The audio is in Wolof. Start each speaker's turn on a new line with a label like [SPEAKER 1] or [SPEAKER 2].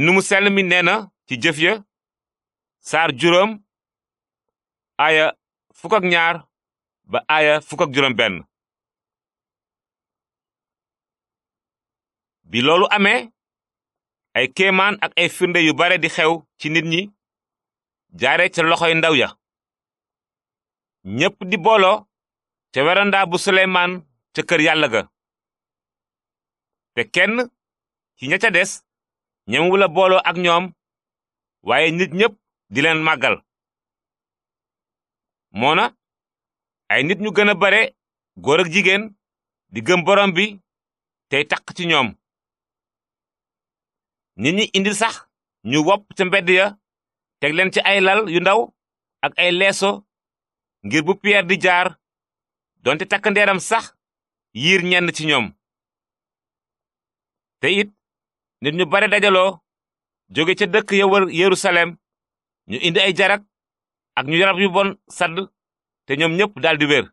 [SPEAKER 1] nu mu sell mi nee na ci jëf ya saar juróom aaya fukk ak ñaar ba aaya fukk juróom benn bi loolu amee ay kéemaan ak ay firnde yu bare di xew ci nit ñi jaare ca loxoy ndaw ya ñëpp di booloo ca werandaa bu suleymaan ca kër yàlla ga te kenn ci ña ca des ñemewu la booloo ak ñoom waaye nit ñépp di leen màggal moona ay nit ñu gën a bare góor ak jigéen di gëm borom bi tey taq ci ñoom nit ñi indil sax ñu wopp ca mbedd ya teg leen ci ay lal yu ndaw ak ay leeso ngir bu Pierre di jaar donte takk ndeeram sax yiir ñenn ci ñoom nit ñu bare dajaloo jóge ca dëkk ya wër yerusalem ñu indi ay jarak ak ñu yarab yu bon sadd te ñoom daal di wér